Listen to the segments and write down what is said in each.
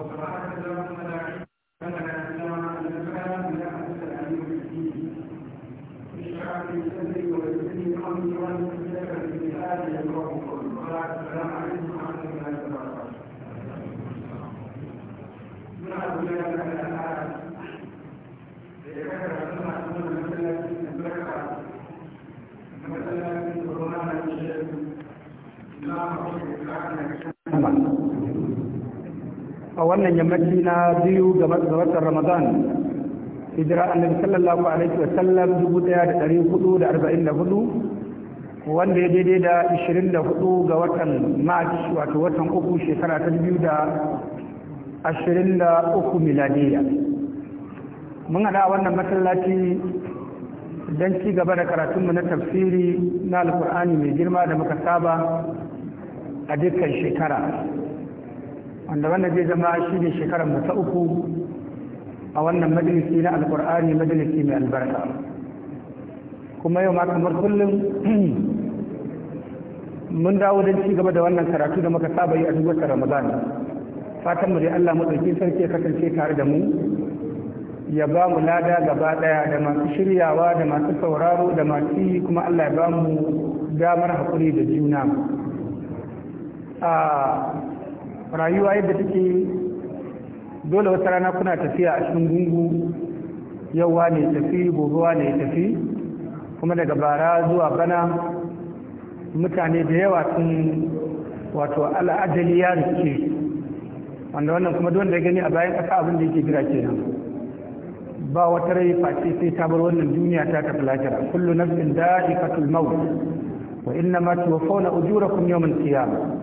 وسبحانك اللهم لا علم لنا الا ما علمتنا انك انت العليم الحكيم اشرح لي صدري ويسر لي امري وانا اهتدك بالجهاد يكره قولي السلام عليكم ورحمه الله وبركاته من عبد الله بن الحارث ذكر رسول الله صلى الله عليه وسلم مثلا من الشيخ لا نقول a wannan yammaci na biyu ga watan ramadan hijira annabi sallallahu alaihi wa sallam 1444 wanda ya daidai da 24 ga watan march wato watan uku shekara ta 2023 miladiya mun hada wannan masallaci don ci gaba da karatunmu na tafsiri na alkur'ani mai girma da muka saba a dukkan shekara wanda wannan zai zama shi ne shekarar ta uku a wannan majalisi na alkur'ani majalisi mai albarka kuma yau ma kamar kullum mun dawo don ci gaba da wannan karatu da muka saba yi a duk wata ramadan fatan mu dai Allah madaukin sarki ya kasance tare da mu ya ba mu lada gaba ɗaya, da masu shiryawa da masu sauraro da masu yi kuma Allah ya ba mu damar hakuri da juna ah, rayuwa yadda take dole wata rana kuna tafiya a cikin gungu yauwa ne tafi gobewa ne tafi kuma daga bara zuwa bana mutane da yawa sun wato al'ajali ya rike wanda wannan kuma don da gani a bayan ƙasa abin da yake jira kenan ba wata rai face sai ta bar wannan duniya ta tafi lahira kullu nafsin da'iqatul maut wa ma tuwaffawna ujurakum yawmal qiyamah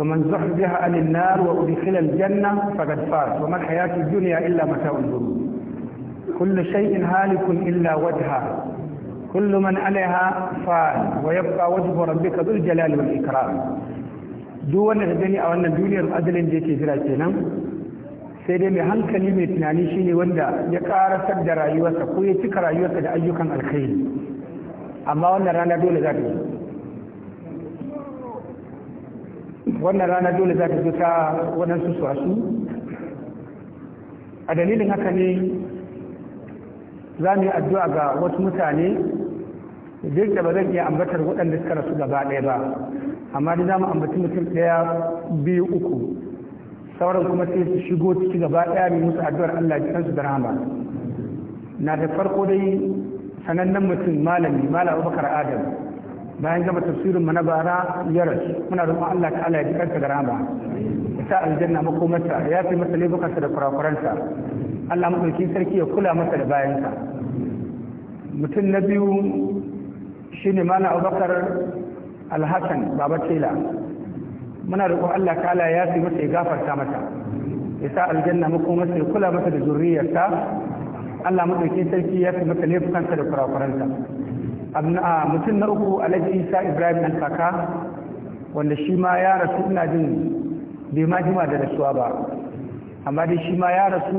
ومن زحزح عن النار وأدخل الجنة فقد فاز وما الحياة الدنيا إلا متاع الغرور كل شيء هالك إلا وجهه كل من عليها فان ويبقى وجه ربك ذو الجلال والإكرام duk wanda da gani a wannan duniyar adalin da yake jira kenan sai dai mai hankali mai tunani shine wanda ya karasar da rayuwarsa ko ya cika rayuwarsa da ayyukan alkhairi amma wannan rana dole za ta yi wannan rana dole za ta zo ta waɗansu su asu a dalilin haka ne za mu yi addu'a ga wasu mutane duk da ba zan iya ambatar waɗanda suka rasu gaba ɗaya ba amma da za mu ambaci mutum ɗaya biyu uku sauran kuma sai su shigo ciki gaba ɗaya mai musu addu'ar Allah ji da rahama na da farko dai sanannen mutum malami malam Abubakar Adam bayan gama tafsirin mu na bara ya rasu muna roƙon Allah ta'ala ya ji kansa da rama ya sa aljanna makomarsa ya fi masa laifukansa da kurakuransa Allah madaukakin sarki ya kula masa da bayansa mutum na biyu shine mana Abubakar Alhassan Baba Tela muna roƙon Allah ta'ala ya fi masa ya gafarta masa ya sa aljanna makomarsa ya kula masa da zurriyarsa Allah madaukakin sarki ya fi masa laifukansa da kurakuransa mutum na uku alhaji isa ibrahim dan kaka wanda shi ma ya rasu ina jin bai ma jima da rasuwa ba amma dai shi ma ya rasu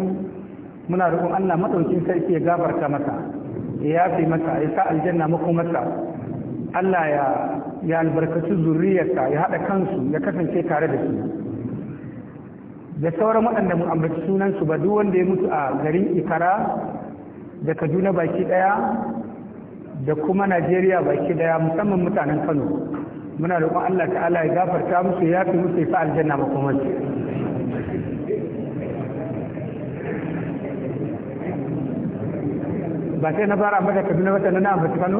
muna rukun allah maɗaukin sarki ya gafarta masa ya yafe masa ya sa aljanna makomarsa allah ya ya albarkaci zuriyarsa ya haɗa kansu ya kasance tare da su da sauran waɗanda mu ambaci sunansu ba duk wanda ya mutu a garin ikara da kaduna baki ɗaya da kuma najeriya baki daya musamman mutanen kano muna roƙon allah ta'ala ya gafarta musu ya fi musu fa aljanna makomansu ba sai na fara maka kaduna wata na ambaci kano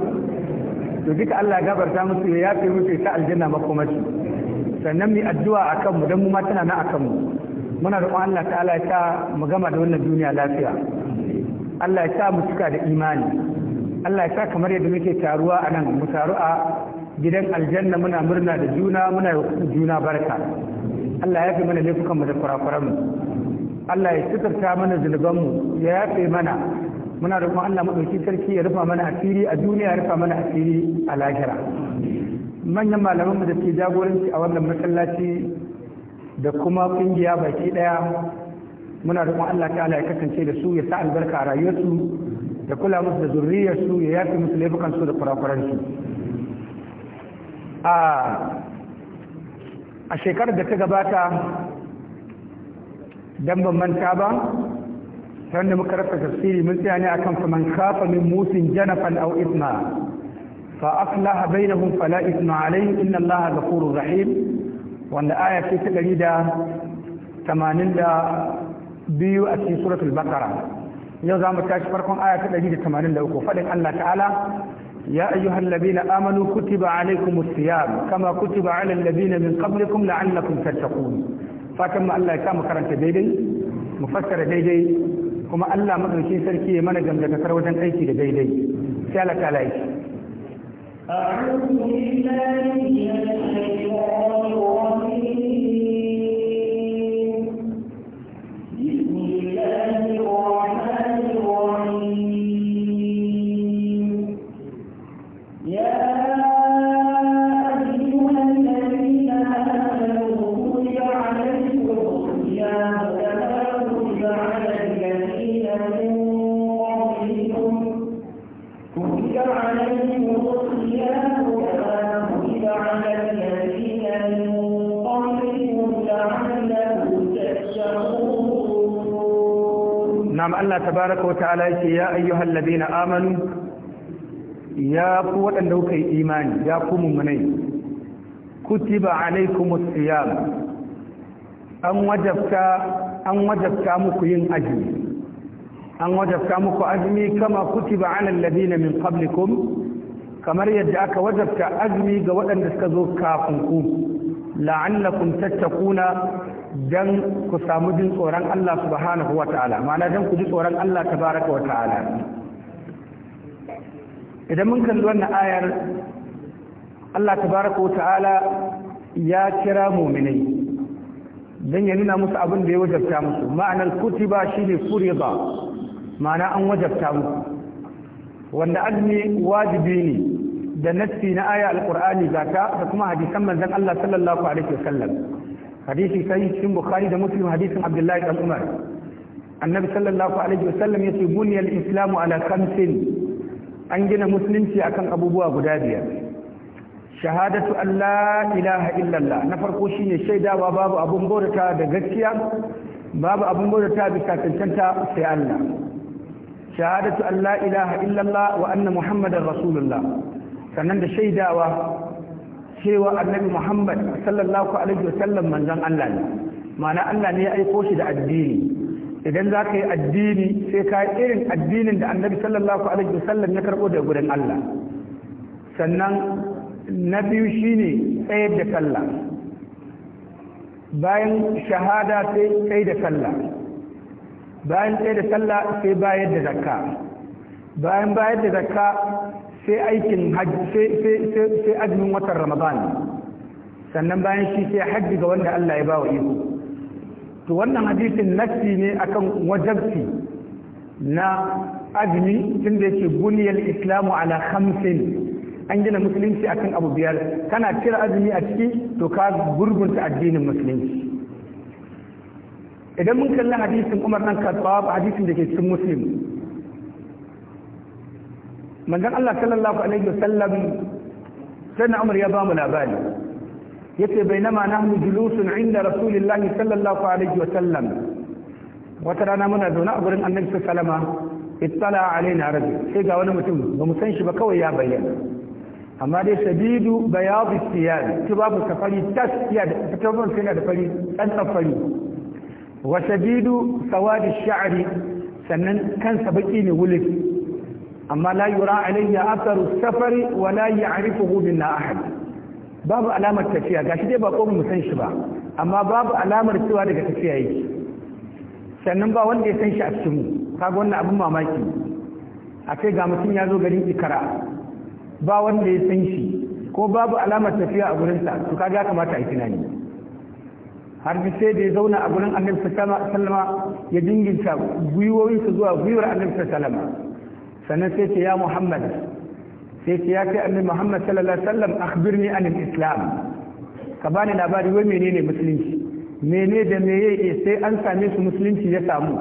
to duka allah ya gafarta musu ya fi musu fa aljanna makomansu sannan mu addu'a akan mu dan mu ma tana na akan mu muna roƙon Allah ta'ala ya sa mu gama da wannan duniya lafiya Allah ya sa mu cika da imani Allah ya sa kamar yadda muke taruwa a nan mu taru a gidan aljanna muna murna da juna muna juna barka Allah ya fi mana laifukan mu da kurakuran mu Allah ya suturta mana zunubanmu mu ya yafe mana muna da kuma Allah madauki sarki ya rufa mana asiri a duniya ya rufa mana asiri a lahira manyan malaman mu da ke jagoranci a wannan masallaci da kuma kungiya baki ɗaya muna da kuma Allah ta'ala ya kasance da su ya sa albarka a rayuwarsu ya kula musu da zurriyarsu ya yafi musu laifukansu da kurakuransu a shekarar da ta gabata don ban manta ba don da muka rasa tafsiri mun tsaya ne akan faman kafa min musin janafan au isma fa aslaha bainahum fala isma alayhi inna allaha ghafurur rahim wanda aya ce ta 182 a cikin suratul baqara yau za mu tashi farkon aya ta 183 faɗin Allah ta'ala ya ayyuhal ladina amanu kutiba alaikum siyam kama kutiba alal ladina min qablikum la'allakum tattaqun fatan mu Allah ya kama karanta daidai mu fassara daidai kuma Allah madaukin sarki ya mana gamdakatar wajen aiki da daidai sai Allah ta yi أعوذ بالله من الشيطان الرجيم na'am Allah tabaraka wa ta'ala yake ya ayyuhal ladina amanu ya ku waɗanda kuka yi imani ya ku mummunai kutiba alaikumus siyam an wajabta an wajabta muku yin azumi an wajabta muku azumi kama kutiba alal ladina min qablikum kamar yadda aka wajabta azumi ga waɗanda suka zo kafin ku la'allakum tattaquna dan ku samu jin tsoron Allah subhanahu wa ta'ala ma'ana dan ku ji tsoron Allah tabaraka wa ta'ala idan mun kalli wannan ayar Allah tabaraka wa ta'ala ya kira mu'minai dan ya nuna musu abin da ya wajabta musu ma'anar kutiba shine furida ma'ana an wajabta musu wanda azumi wajibi ne da nassi na aya alqur'ani zaka da kuma hadisan manzon Allah sallallahu alaihi wasallam hadisi sai cikin bukhari da muslim hadisin abdullahi dan annabi sallallahu alaihi wasallam yace buniyal islamu ala khamsin an gina musulunci akan abubuwa guda biyar shahadatu an la ilaha na farko shine shaidawa babu abun bautata da gaskiya babu abun bautata bisa cancanta sai Allah shahadatu an la ilaha illallah wa anna muhammadar rasulullah sannan da shaidawa cewa annabi muhammad sallallahu alaihi wasallam manzon allah ne ma'ana allah ne ya aiko shi da addini idan za ka yi addini sai ka yi irin addinin da annabi sallallahu alaihi wasallam ya karɓo daga gurin allah sannan na biyu shine tsayar da sallah bayan shahada sai tsaye da sallah bayan tsaye da sallah sai bayar da zakka bayan bayar da zakka sai aikin sai azumin watan ramadan sannan bayan shi sai hajji ga wanda Allah ya bawa iko to wannan hadisin nassi ne akan wajabci na azumi tun da yake buniyal islamu ala khamsin an gina musulunci akan abu biyar kana cire azumi a ciki to ka gurgunta addinin musulunci idan mun kalli hadisin Umar dan Khattab hadisin da ke cikin Muslim manzon Allah sallallahu alaihi wasallam Sannan Umar ya ba mu labari yace bainama nahnu julusun inda rasulillahi sallallahu alaihi wasallam wata rana muna zaune a gurin annabi sallama ittala alaina rajul sai ga wani mutum ba mu san shi ba kawai ya bayyana amma dai shadidu bayadu siyad tubabu safari tas ya da tubabu sai da fari dan safari wa shadidu sawadi sha'ri sannan kansa baki ne wulif amma la yura alayya atharu safari wa la ya'rifuhu minna ahad babu alamar tafiya gashi dai ba ko mu san shi ba amma babu alamar cewa daga tafiya yake sannan ba wanda ya san shi a cikin mu kaga wannan abin mamaki a kai ga mutum ya zo garin ikara ba wanda ya san shi ko babu alamar tafiya a sa to kaga ya kamata a yi tunani har bi sai da ya zauna a gurin annabi sallama ya dinginta gwiwoyinsa zuwa gwiwar annabi sallama sannan sai ce ya muhammad sai ce ya ce annabi muhammad sallallahu alaihi wasallam akhbirni anil islam ka bani labari wai menene musulunci mene da me meye sai an same su musulunci ya samu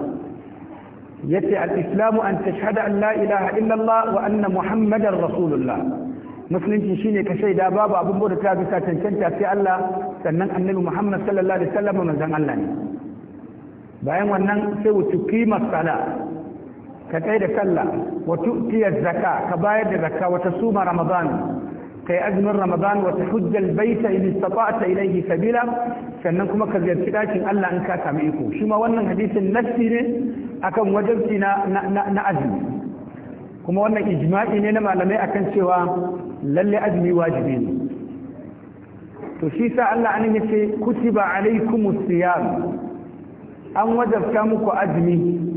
yace al-islamu an tashhada an la ilaha illallah wa anna muhammadar rasulullah musulunci shine ka shaida babu abin bauta ta bisa cancanta sai Allah sannan annabi Muhammad sallallahu alaihi wasallam manzon Allah ne bayan wannan sai wuce qima sala ka kai da sallah wa tu'tiya zakka ka bayar da zakka wata suma ramadan kai azumin ramadan wata tahujja albayta in istata'ta ilayhi sabila sannan kuma ka ziyarci dakin Allah in ka sami iko shi ma wannan hadisin nassi ne akan wajibi na na azumi kuma wannan ijma'i ne na malamai akan cewa lalle azumi wajibi ne to shi sa Allah an yace kutiba alaykumus siyam an wajabta muku azumi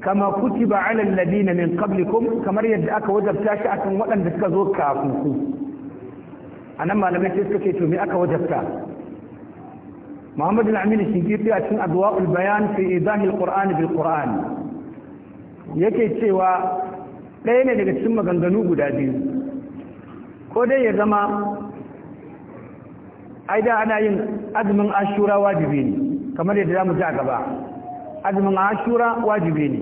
kama kutiba ala alladina min qablikum kamar yadda aka wajabta shi akan waɗanda suka zo kafin ku anan malamai sai suka ce to me aka wajabta muhammadu al-Amin Shinkiti a cikin Adwa'ul Bayan fi Idahi al-Qur'an bil Qur'an yake cewa ɗaya ne daga cikin maganganu guda biyu ko dai ya zama ai da ana yin azumin ashura wajibi ne kamar yadda za mu ji a gaba azumin ashura wajibi ne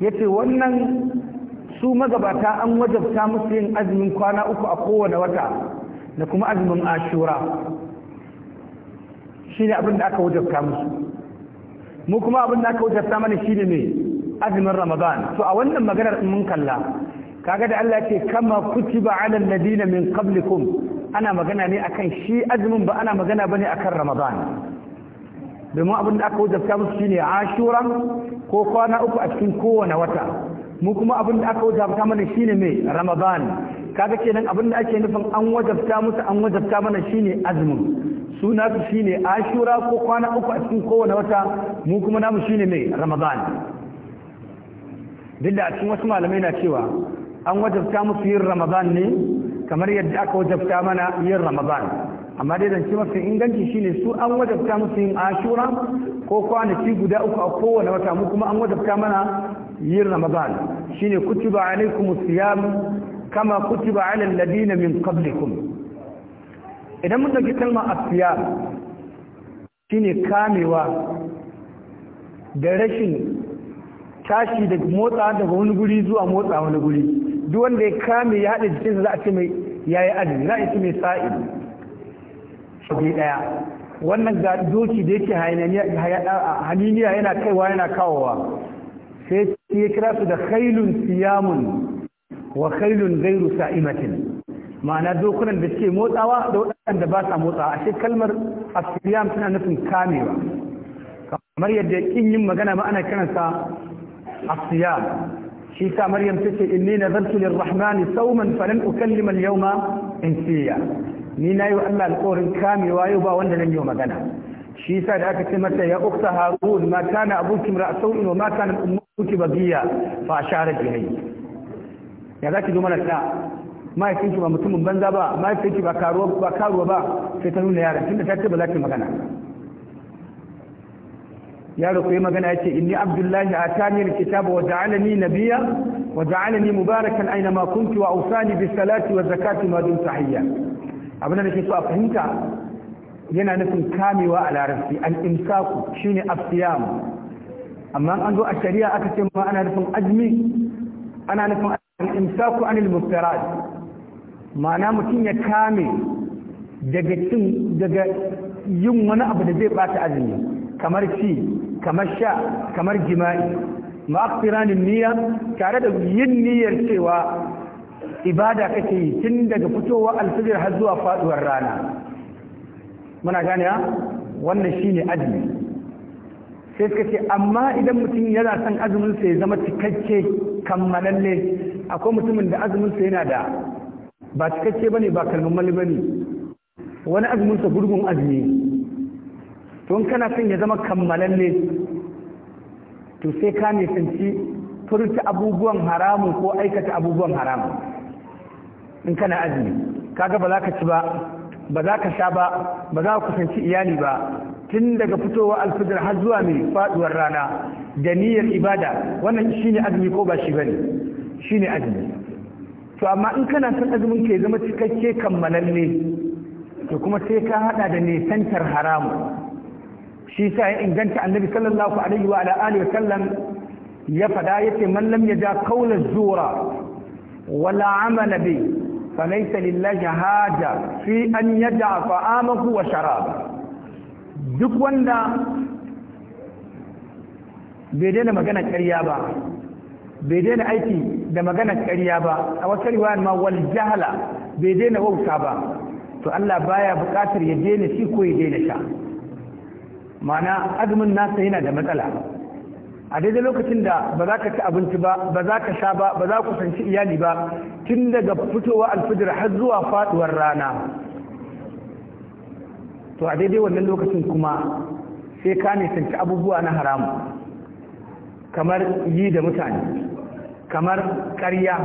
yace wannan su magabata an wajabta musu yin azumin kwana uku a kowane wata da kuma azumin ashura shine abin da aka wajabta musu mu kuma abin da aka wajabta mana shine mai azumin ramadan to a wannan maganar mun kalla kaga da Allah ce kama ba ala alladina min qablikum ana magana ne akan shi azumin ba ana magana bane akan ramadan domin abin da aka wajabta musu shine ashura ko kwana uku a cikin kowane wata mu kuma abin da aka wajabta mana shine mai ramadan kaga kenan abin da ake nufin an wajabta musu an wajabta mana shine azumin suna su shine ashura ko kwana uku a cikin kowane wata mu kuma namu shine mai ramadan duk da a cikin wasu malamai na cewa an wajabta musu yin ramadan ne kamar yadda aka wajabta mana yin ramadan amma dai zance mafi inganci shine su an wajabta musu yin ashura ko kwanaki guda uku a kowane wata mu kuma an wajabta mana yin ramadan shine kutiba alaikum siyam kama kutiba alal ladina min qablikum idan mun dauki kalma asiyam shine kamewa da rashin tashi da motsa daga wani guri zuwa motsa wani guri duk wanda ya kame ya haɗa jikinsa za a ce mai yi azumi za a ce mai sa'i shi daya wannan ga doki da yake haniniya yana kaiwa yana kawowa sai ya kira su da khailun siyamun wa khailun gairu sa'imatin ma'ana dokunan da suke motsawa da waɗanda ba sa motsawa a kalmar siyam suna nufin kamewa kamar yadda kin yin magana ma ana kiransa asiyam shi sa maryam tace inni nazartu lirrahmani sawman falan ukallima al in insiya ni wa Allah alƙorin kamewa yau ba wanda nan yau magana shi sa da aka ce mata ya ukta harun ma kana abuki ra'sau'in wa ma kana ummuki bagiya fa ashara ilayhi ya ki zo mana da mahaifinki ba mutumin banza ba mahaifinki ba karuwa ba karuwa ba sai ta nuna yaran tunda ta ce ba za ta magana yaro ko yi magana ya ce inni abdullahi a taniyar kitaba wa ja'alani nabiya wa ja'alani mubarakan aina ma kuntu wa ausani bi salati wa zakati ma dun tahiyya abin da nake so a fahimta yana nufin kamewa a larabci al imsaku shine asiyam amma an zo a shari'a aka ce ma ana nufin azmi ana nufin al imsaku anil muftarat ma'ana mutum ya kame daga cin daga yin wani abu da zai bata azumi kamar ci kamar sha kamar jima'i ma'aqtiranin niyya tare da yin niyyar cewa ibada kake yi tun daga fitowa alfijir har zuwa faduwar rana muna gane ha wannan shine azumi sai suka ce amma idan mutum yana son azumin sa ya zama cikakke kammalalle akwai mutumin da azumin sa yana da ba cikakke bane ba kalmar bane wani azumin sa gurgun azumi tun kana son ya zama kammalalle to sai ka nisanci furta abubuwan haramun ko aikata abubuwan haramun in kana azumi kaga ba za ka ci ba ba za ka sha ba ba za ka kusanci iyali ba tun daga fitowa alfijir har zuwa mai faduwar rana da niyyar ibada wannan shi ne azumi ko ba shi shi ne azumi to amma in kana son azumin ka zama cikakke kammalalle to kuma sai ka hada da nisantar haramu. shi sa ya inganta annabi sallallahu alaihi wa alihi wa sallam ya fada yace man lam yaja qawla zura wala amala bi falaysa lillahi haja fi an yada ta'amahu wa sharaba duk wanda bai daina magana ƙarya ba bai daina aiki da magana ƙarya ba a wata riwayar ma wal jahala bai daina wauta ba to Allah baya buƙatar ya daina shi ko ya daina sha ma'ana azumin nasa yana da matsala a daidai lokacin da ba za ka ci abinci ba ba za ka sha ba ba za ku sanci iyali ba tun daga fitowa alfijir har zuwa faduwar rana to a daidai wannan lokacin kuma sai ka ne sanci abubuwa na haramu kamar yi da mutane kamar karya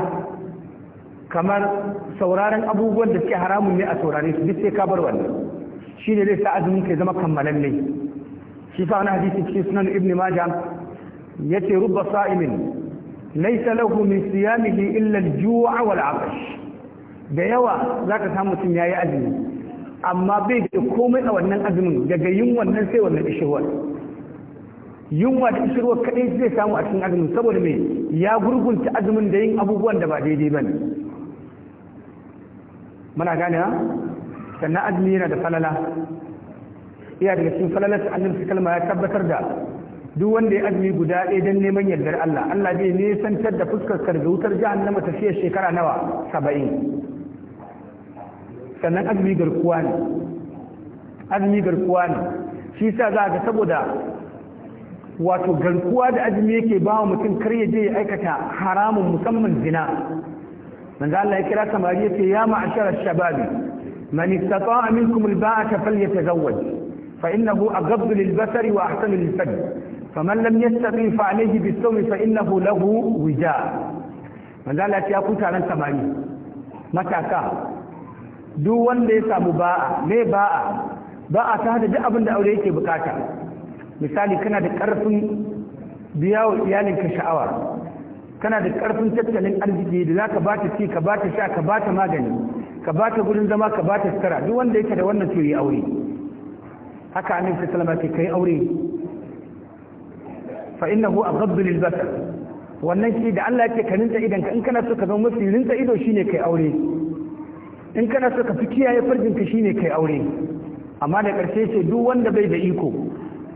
kamar sauraron abubuwan da suke haramun ne a saurare su duk sai ka bar wannan shi ne zai sa azumin ka zama kammalan ne. shi fa na hadisi cikin sunan ibn majah ce rubba sa'imin laysa lahu min siyamihi illa al-ju'a wal 'atash da yawa zaka samu mutum yayi azumi amma bai da komai a wannan azumin daga yin wannan sai wannan ishirwar yunwa da ishirwar kadai zai samu a cikin azumin saboda me ya gurgunta azumin da yin abubuwan da ba daidai bane muna gane ha sannan azumi yana da falala iya daga cikin falalar annabi kalma ya tabbatar da duk wanda ya azumi guda ɗaya don neman yardar Allah Allah zai nisantar da fuskar karbi wutar jahannama tafiyar shekara nawa saba'in sannan azumi garkuwa ne azumi garkuwa ne shi sa za ga saboda wato garkuwa da azumi yake ba wa mutum kar ya je ya aikata haramun musamman zina manzo Allah ya kira samari yace ya ma'ashara shababi man istata'a minkum al-ba'a falyatazawwaj فإنه أغض للبصر وأحسن للفم فمن لم يستطع فعليه بالصوم فإنه له وجاء من ذلك يا كتارن samari matasa duk wanda ya samu ba'a me ba'a ba'a ta hada duk abin da aure yake bukata misali kana da karfin biya wa iyalinka sha'awa kana da karfin tattalin arziki da zaka ba ta ci ka bata sha ka magani ka bata ta gurin zama ka bata ta sutura duk wanda yake da wannan to yi aure haka annabi sallallahu alaihi wasallam kai aure fa innahu aghaddu lil basar wannan shi da Allah yake kaninta rinta idan in kana so ka zama mafi rinta ido shine kai aure in kana so ka fi kiyaye farjin ka shine kai aure amma da karshe ce duk wanda bai da iko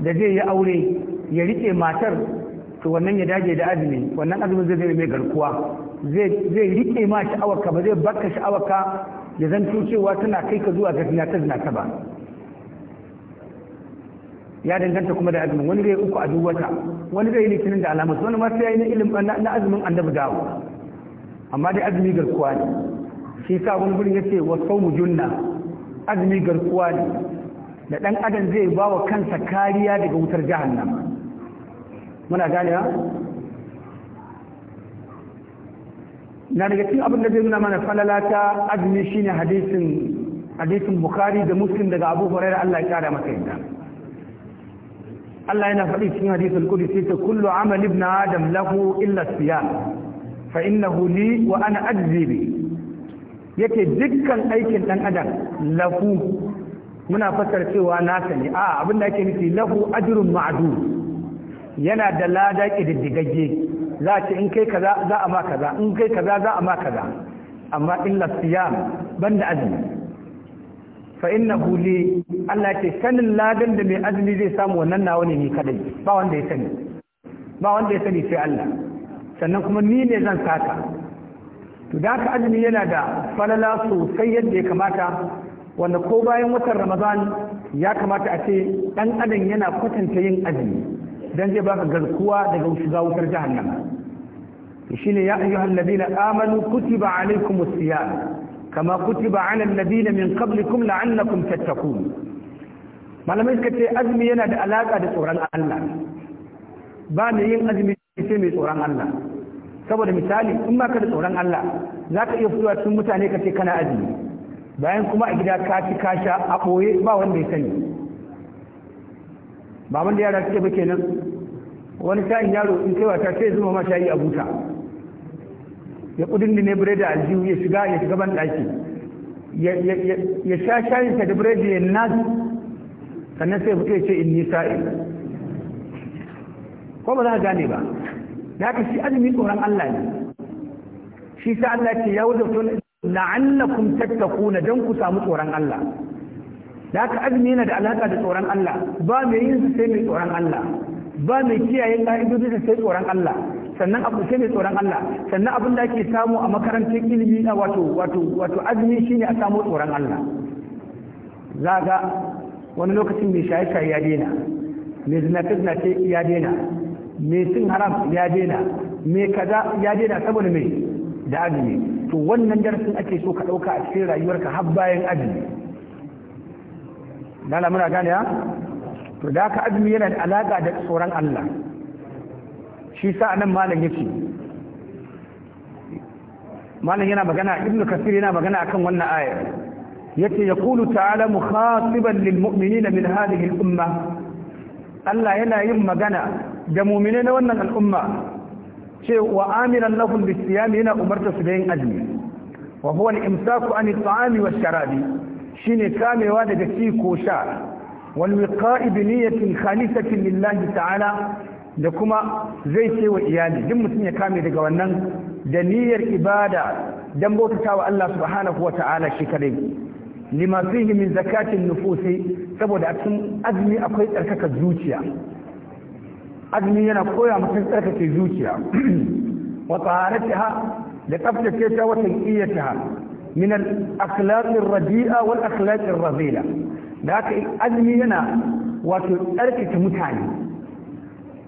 da zai yi aure ya rike matar to wannan ya dage da azumi wannan azumin zai zai mai garkuwa zai rike ma sha'awarka ba zai barka sha'awarka ya zanto cewa tana kai ka zuwa ga zina ta zina ta ba ya danganta kuma da azumin wani zai uku a duk wata wani zai yi litinin da alamus wani ma sai na ilimin na azumin annabi dawo amma dai azumi garkuwa ne shi sa wani gurin yace wa sawmu junna azumi garkuwa ne da dan adam zai ba wa kansa kariya daga wutar jahannama muna ha na daga cikin abin da zai nuna mana falalata azumi shine hadisin hadisin bukhari da muslim daga abu hurairah Allah ya kara masa yadda Allah yana faɗi cikin hadisul qudsi ta kullu amal ibn adam lahu illa siyam fa innahu li wa ana ajzi yake dukkan aikin dan adam lahu muna fassar cewa nasa ne a abin da ake nufi lahu ajrun ma'dud yana da lada kididdigagge za a ce in kai kaza za a ma kaza in kai kaza za a ma kaza amma illa siyam banda azumi fa inna huli Allah ce sanin ladan da mai azumi zai samu wannan nawa ne ni kadai ba wanda ya sani ba wanda ya sani sai Allah sannan kuma ni ne zan saka to da ka azumi yana da falala sosai yadda ya kamata wanda ko bayan watan Ramadan ya kamata a ce dan adam yana kwatanta yin azumi dan zai baka garkuwa daga shiga wutar jahannama shine ya ayyuhal ladina amanu kutiba alaykumus siyam kama kutiba ala alladhina min qablikum la'allakum tattaqun malamai suka ce azumi yana da alaka da tsoron Allah ba ne yin azumi sai mai tsoron Allah saboda misali in ba ka da tsoron Allah za ka iya fitowa cikin mutane ka ce kana azumi bayan kuma a gida ka ci ka sha a ɓoye ba wanda ya sani ba wanda yara suke ba kenan wani sa'in yaro in kai wata sai zuma ma shayi a buta ya kudin ne da aljihu ya shiga ya shiga ban daki ya sha shayin ta da bredi ya nazi sannan sai fito ya ce in nisa nisa'il ko ba za ka gane ba da ka shi azumi tsoron Allah ne shi sa Allah ce ya wuce tun la'allakum tattakuna dan ku samu tsoron Allah da ka azumi yana da alaka da tsoron Allah ba mai yin sai mai tsoron Allah ba mai kiyaye ka'idodi da sai tsoron Allah sannan abu sai mai tsoron Allah sannan abin da ake samu a makarantar ilimi na wato wato wato azumi shine a samu tsoron Allah zaga wani lokacin mai shaye-shaye ya daina mai zinace-zinace ya daina mai cin haram ya daina mai kaza ya daina saboda mai da azumi to wannan darasin ake so ka ɗauka a cikin rayuwarka har bayan azumi lala muna gane ya to da haka azumi yana da alaka da tsoron Allah shi sa nan malam yake malam yana magana ibn kasir yana magana akan wannan aya yace yaqulu ta'ala mukhatiban lil mu'minina min hadhihi al umma Allah yana yin magana da mu'mine na wannan al'umma ce wa amiran lahum bis siyam yana umarta su da yin azumi wa huwa al imsaku an al ta'ami wash shine kamewa daga ci ko sha wal wiqa'i bi niyyatin khalisatin lillahi ta'ala da kuma zai ce wa iyali duk mutum ya kame daga wannan da niyyar ibada dan bautata wa Allah subhanahu wa ta'ala shi kadai lima yi min zakatin nufusi saboda a cikin azumi akwai tsarkaka zuciya azumi yana koya mutum tsarkake zuciya wa taharatiha da tsaftace ta watan iyataha min al-akhlaqir radi'a wal akhlaqir razila da haka azumi yana wato tsarkake mutane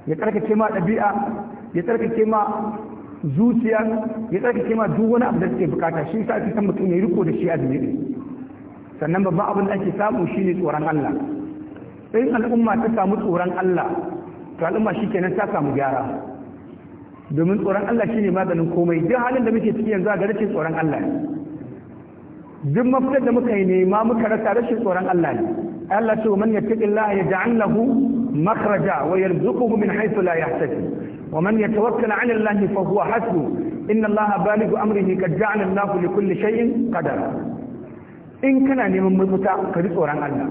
ya tsarkake ma ɗabi'a ya tsarkake ma zuciya ya tsarkake ma duk wani abu da suke bukata shi sa ake mutum ya riko da shi a zunubi sannan babban abin da ake samu shine tsoron Allah in al'umma ta samu tsoron Allah to al'umma shikenan ta samu gyara domin tsoron Allah shine maganin komai duk halin da muke ciki yanzu ga gare tsoron Allah ne duk mafitar da muka yi nema muka rasa rashin tsoron Allah ne Allah ce wa man yattaqillaha yaj'al lahu مخرجا ويرزقه من حيث لا يحتسب ومن يتوكل على الله فهو حسبه إن الله بالغ أمره قد جعل الله لكل شيء قدرا in kana neman mafita ka ji tsoron Allah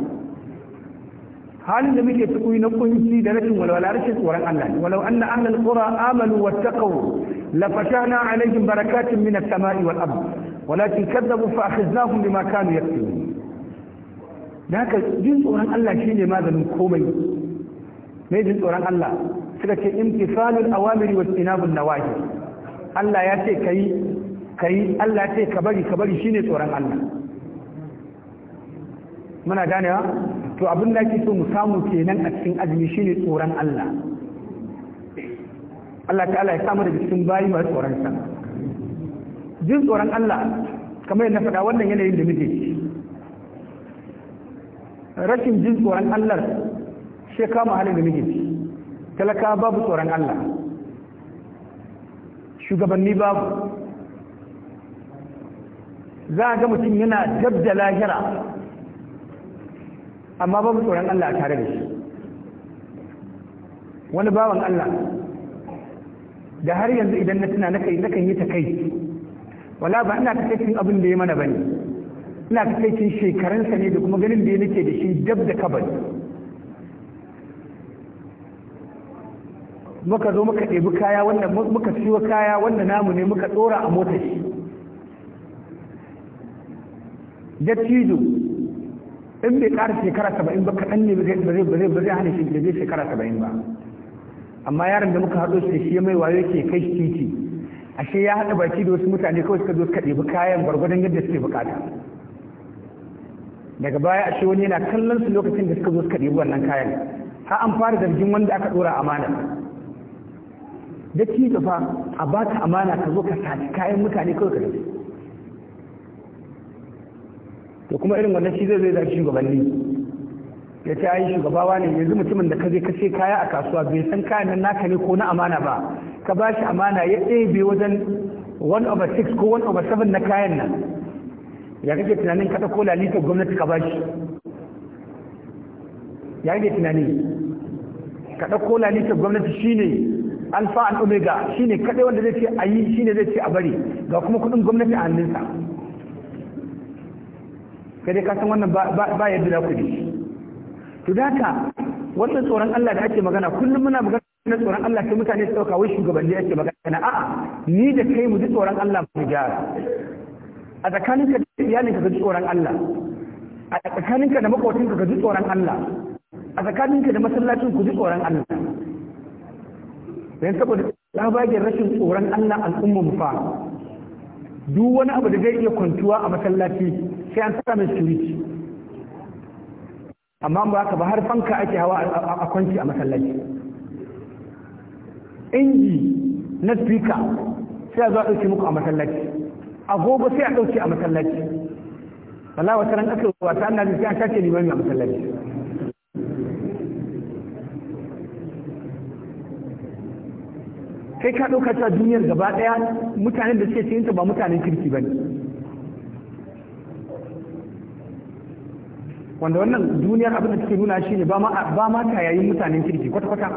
halin da muke tukui na kunci da rashin walwala rashin tsoron Allah ne walau anna ahlal qura amanu wattaqu la fatahna alaihim barakatun min as-sama'i wal ard walakin kadzabu fa akhadnahum bima kanu yaktubun da haka tsoron Allah shine maganin komai me jin tsoron Allah suka ce imtisalul awamiri wa na nawahi Allah ya ce kai kai Allah ya ce ka bari ka bari shine tsoron Allah muna ganewa to abin da ake so mu samu kenan a cikin azumi shine tsoron Allah Allah ta'ala ya samu daga cikin bayi masu tsoron sa jin tsoron Allah kamar yadda faɗa wannan yanayin da muke rashin jin tsoron Allah shi kama halin da muke talaka babu tsoron Allah shugabanni babu za a ga mutum yana dab da lahira amma babu tsoron Allah a tare da shi wani bawan Allah da har yanzu idan na tuna nakan yi ta kai wala ba ina takaicin abin da ya mana bane ina takaicin shekarunsa ne da kuma ganin da ya nake da shi dab da kabari muka zo muka ɗebi kaya wanda muka siyo kaya wanda namu ne muka ɗora a motar shi dattijo in bai ƙara shekara saba'in ba kaɗan ne ba zai hana shi da zai shekara saba'in ba amma yaron da muka haɗo shi shi mai wayo ke kai titi ashe ya haɗa baki da wasu mutane kawai suka zo suka ɗebi kayan gwargwadon yadda suke bukata daga baya ashe wani yana kallon su lokacin da suka zo suka ɗebi wannan kayan har an fara zargin wanda aka ɗora amana datti da fa a baka amana ka zo ka sati kayan mutane kawai ka tafi to kuma irin wannan shi zai zai zai shugabanni ya ce ai shugabawa ne yanzu mutumin da ka je ka kaya a kasuwa bai san kayan nan naka ne ko na amana ba ka ba shi amana ya ɗebe wajen 1 over 6 ko 1 over 7 na kayan nan ya kake tunanin ka ɗauko lalitar gwamnati ka ba shi ya kake tunani ka ɗauko lalitar gwamnati shine alfa and omega shine kadai wanda zai ce a yi shine zai ce a bari ga kuma kudin gwamnati a hannunsa kada ka san wannan ba yadda da kudi to da haka wannan tsoron Allah da ake magana kullum muna magana na tsoron Allah sai mutane su dauka wai shugabanni ake magana a'a ni da kai mu ji tsoron Allah mu gyara a tsakaninka da iyalin ka ji tsoron Allah a tsakaninka da makwatin ka ji tsoron Allah a tsakaninka da masallacin ku ji tsoron Allah dan saboda tsabagen rashin tsoron Allah al'ummar fa duk wani abu da zai iya kwantuwa a masallaci sai an saka mai security amma ba haka ba har fanka ake hawa a kwanci a masallaci inji na speaker sai a zo a ɗauke muku a masallaci agogo sai a ɗauke a masallaci wala wata ran aka wata annabi sai an sace limami a masallaci kai ka ɗauka cewa duniyar gaba ɗaya mutanen da suke cikin ta ba mutanen kirki ba ne wanda wannan duniyar abin da take nuna shi ne ba ma ta yayin mutanen kirki kwata-kwata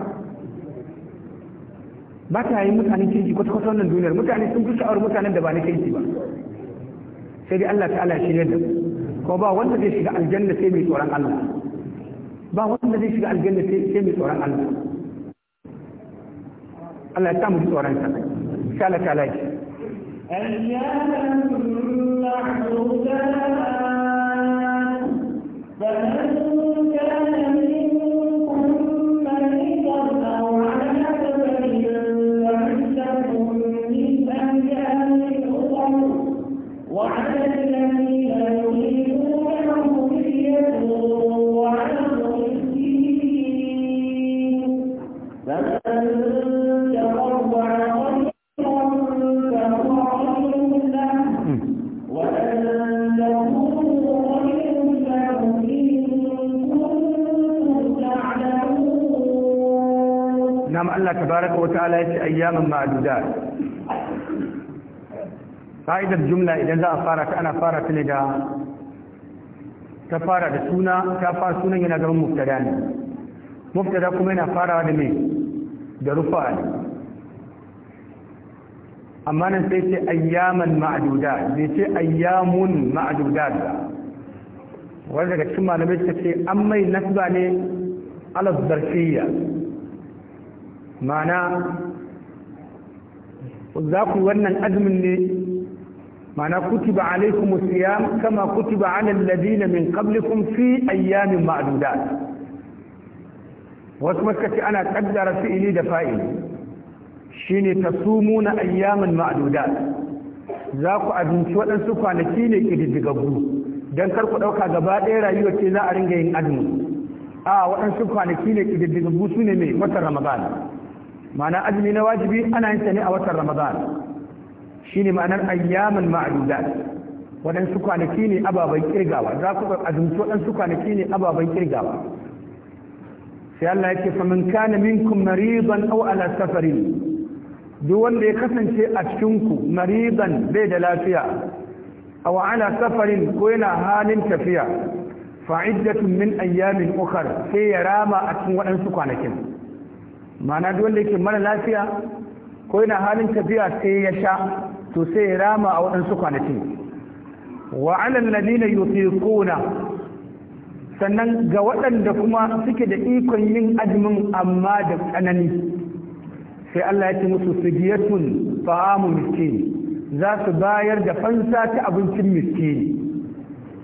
ba ta yayin mutanen kirki kwata-kwata wannan duniyar mutane sun fi sha'awar mutanen da ba na kirki ba sai dai Allah ta'ala shi ne da ko ba wanda zai shiga aljanna sai mai tsoron Allah ba wanda zai shiga aljanna sai mai tsoron Allah Allah ya samu tsoron sa insha Allah ta Allah tabaraka wata'ala ya ce ayyaman fa'idar jumla idan za a fara ta ana fara ta ne da ta fara da suna ta fara sunan yana gaban ne muftada kuma yana farawa da me da rufa ne amma nan sai ce ayyaman ma'adudat bai ce ayyamun ma'aduda ba wanda daga cikin malamai suka ce an mai nasba ne ala zarfiyya mana za ku wannan azumin ne mana kutuba alaikum siyam kama kutuba ala alladhina min qablikum fi ayyamin ma'dudat wasu maskaci ana kaddara fi'ili da fa'ili shine tasumuna ayyamin ma'dudat za ku abinci waɗansu kwanaki ne ƙididdigaggu don kar ku ɗauka gaba ɗaya rayuwa ce za a ringa yin azumi a waɗansu kwanaki ne ƙididdigaggu su ne mai watan ramadan ma'ana azumi na wajibi ana yin sa ne a watan ramadan shine ma'anar ayyamin ma'dudat waɗansu kwanaki ne ababen kirgawa za ku azumci su kwanaki ne ababen kirgawa sai Allah yake fa min kana minkum maridan aw ala safarin duk wanda ya kasance a cikin ku maridan bai da lafiya aw ala safarin ko yana halin tafiya fa min ayyamin ukhra sai ya rama a cikin waɗansu kwanakin ma'ana duk wanda yake mara lafiya ko yana halin tafiya sai ya sha to sai ya rama a waɗansu kwanaki wa alal ladina yutiquna sannan ga waɗanda kuma suke da ikon yin azumin amma da tsanani sai Allah ya ce musu sujiyatun fa'amu miskin za su bayar da fansa ta abincin miskini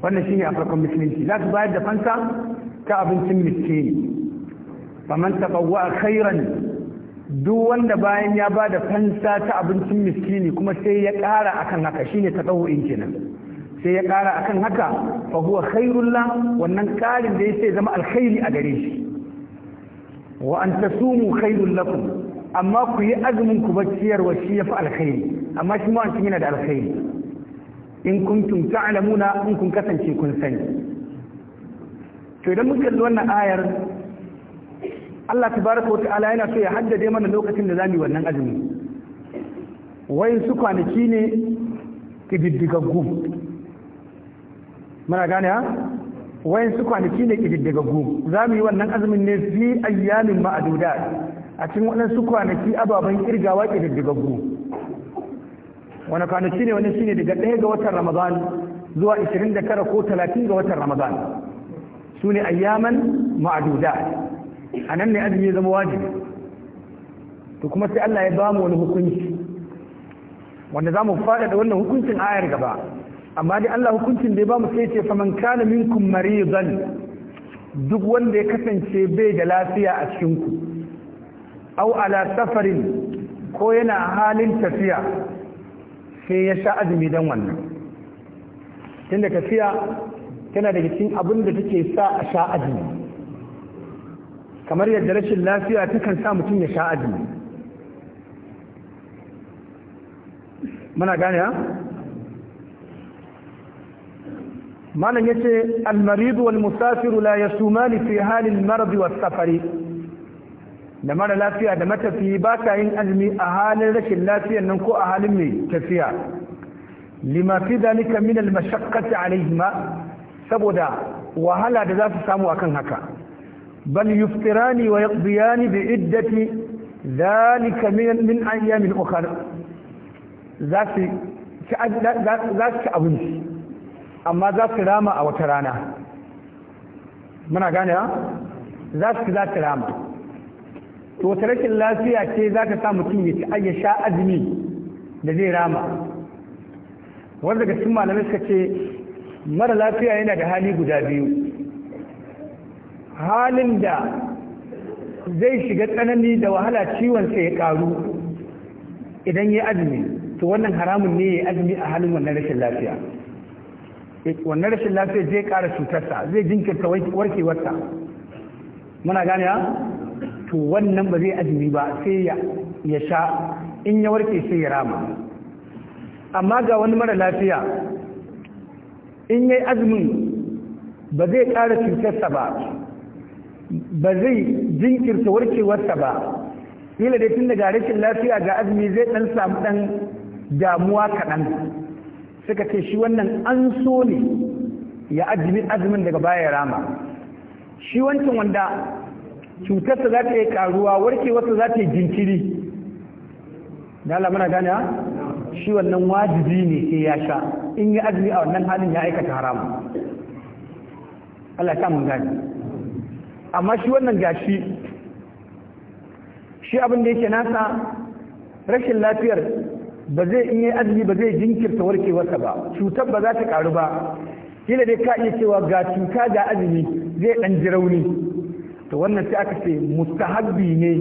wannan shine a farkon musulunci za su bayar da fansa ta abincin miskini faman taɓawa kairan duk wanda bayan ya ba da fansa ta abincin miskini kuma sai ya ƙara akan haka shine taɗawa'in kenan sai ya ƙara akan haka fa huwa wannan ƙarin da ya sai zama alkhairi a gare shi wa an tasumu khairul lakum amma ku yi azumin ku bacciyarwa shi ya fi alkhairi amma shi ma wancan yana da alkhairi in kuntum ta'lamuna in kun kasance kun sani to idan mun kalli wannan ayar Allah tabaraka wa ta'ala yana so ya haddade mana lokacin da za mu wannan azumi wayin su kwanaki ne diddigaggu muna gane ha wayin su kwanaki ne diddigaggu za mu yi wannan azumin ne fi ayyamin ma'adudat a cikin su kwanaki ababen kirgawa diddigaggu wani kwanaki ne wani shine daga ɗaya ga watan ramadan zuwa 29 ko 30 ga watan ramadan su ne ayyaman ma'adudat a nan ne azumi ya zama wajibi to kuma sai Allah ya ba mu wani hukunci wanda za mu faɗa da wannan hukuncin ayar gaba amma dai Allah hukuncin da ya ba mu sai ce faman kana minkum maridan duk wanda ya kasance bai da lafiya a cikin ku aw ala safarin ko yana halin tafiya sai ya sha azumi dan wannan tunda tafiya tana daga cikin abin da take sa a sha azumi kamar yadda rashin lafiya ta kan sa mutum ya sha azumi muna gane ha malam ya ce almaridu wal musafiru la ya ni fi halin al wa safari da mara lafiya da matafiyi ba ta yin azumi a halin rashin lafiya nan ko a halin mai tafiya lima fi dalika min al-mashaqqati alayhima saboda wahala da za su samu akan haka بل يفطران ويقضيان بعدة ذلك من من أيام أخرى ذاك ذاك أبنش أما ذاك راما أو ترانا من أغاني ذاك ذاك راما to wata rashin lafiya ce za ka sa mutum ya ci ayya sha azumi da zai rama wanda daga cikin malamai suka mara lafiya yana da hali guda biyu halin da zai shiga tsanani da wahala ciwon sai ya karu idan ya azumi to wannan haramun ne ya azumi a halin wannan rashin lafiya wannan rashin lafiya zai kara cutarsa zai jinkirta warkewarsa muna gane to wannan ba zai azumi ba sai ya sha in ya warke sai ya rama amma ga wani mara lafiya in ya yi azumin ba zai kara cutarsa ba ba zai jinkirta warkewarsa ba ila dai tun daga rashin lafiya ga azumi zai dan samu dan damuwa kaɗan suka ce shi wannan an so ne ya azumi azumin daga baya rama shi wancan wanda cutarsa za ta yi karuwa warkewarsa za ta yi jinkiri da Allah muna gane shi wannan wajibi ne sai ya sha in yi azumi a wannan halin ya aikata harama. Allah ya mun gane amma shi wannan gashi shi abin da yake nasa rashin lafiyar ba zai in yi azumi ba zai jinkirta warkewarsa ba cutar ba za ta karu ba kila dai ka iya cewa ga cuta ga azumi zai dan ji rauni to wannan sai aka ce mustahabbi ne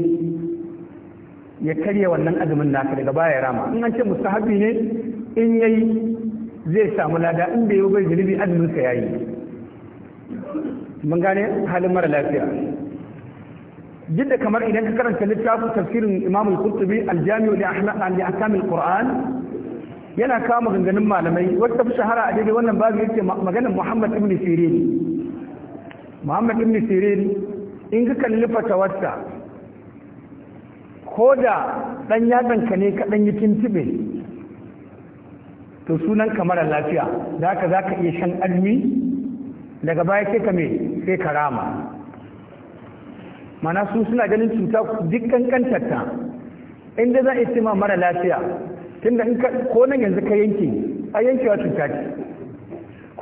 ya karya wannan azumin naka daga baya rama in an ce mustahabbi ne in yayi zai samu lada in bai yi bai zunubi azumin sa yayi mun gane halin mara lafiya duk da kamar idan ka karanta littafin tafsirin imam al-qurtubi al-jami'u li ahkam li ahkam al-qur'an yana kama ganganin malamai wata fi shahara a daidai wannan babu yake maganar muhammad ibn sirin muhammad ibn sirin in ka kalli fatawarsa ko da dan yadanka ne ka dan yi tintibe to sunan kamar lafiya da haka zaka iya shan almi daga baya sai ka me sai ka rama mana su suna ganin cuta duk kankantarta inda za a cima mara lafiya tunda da ko nan yanzu ka yanke a yankewa cuta ce